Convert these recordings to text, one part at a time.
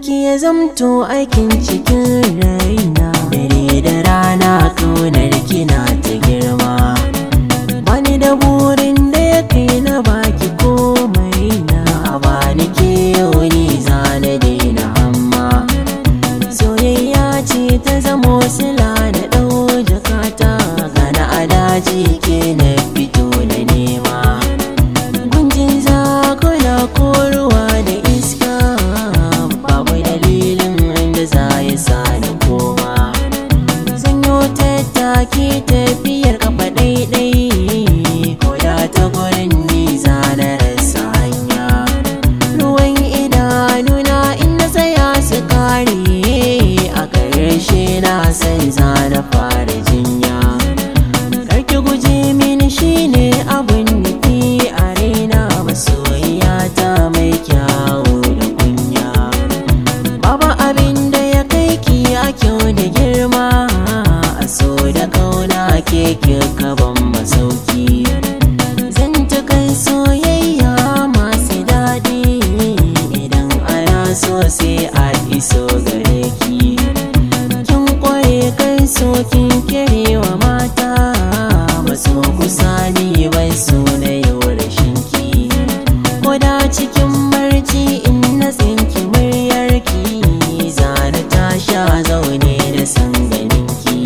ki ya zamto aikin cikin raina dare da rana kaunar kina ta girma wani da burin da ya kai na baki komai na ba ni ke wani zane daina amma soyayya ce ta zamo sila da ɗau jakata gana a daji ki in na tsinki muryarki zana ta sha zaune da san ganinki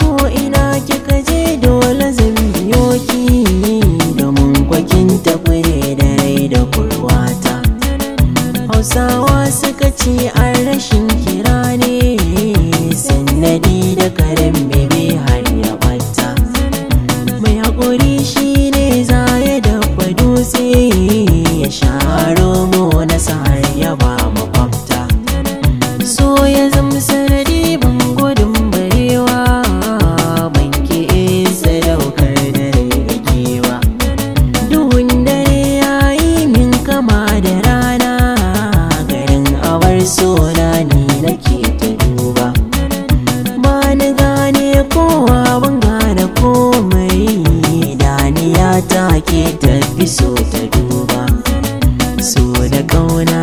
ko ina kika je dole zan biyo ki domin kwakin da rai da kurwata hausawa suka ci an rashin kira ne sannadi da karen bebe har ya bata mai haƙuri shi mai sona ni nake ta duba ba ni gane kowa ban gane komai daniya ta ke tafi so ta duba so da kauna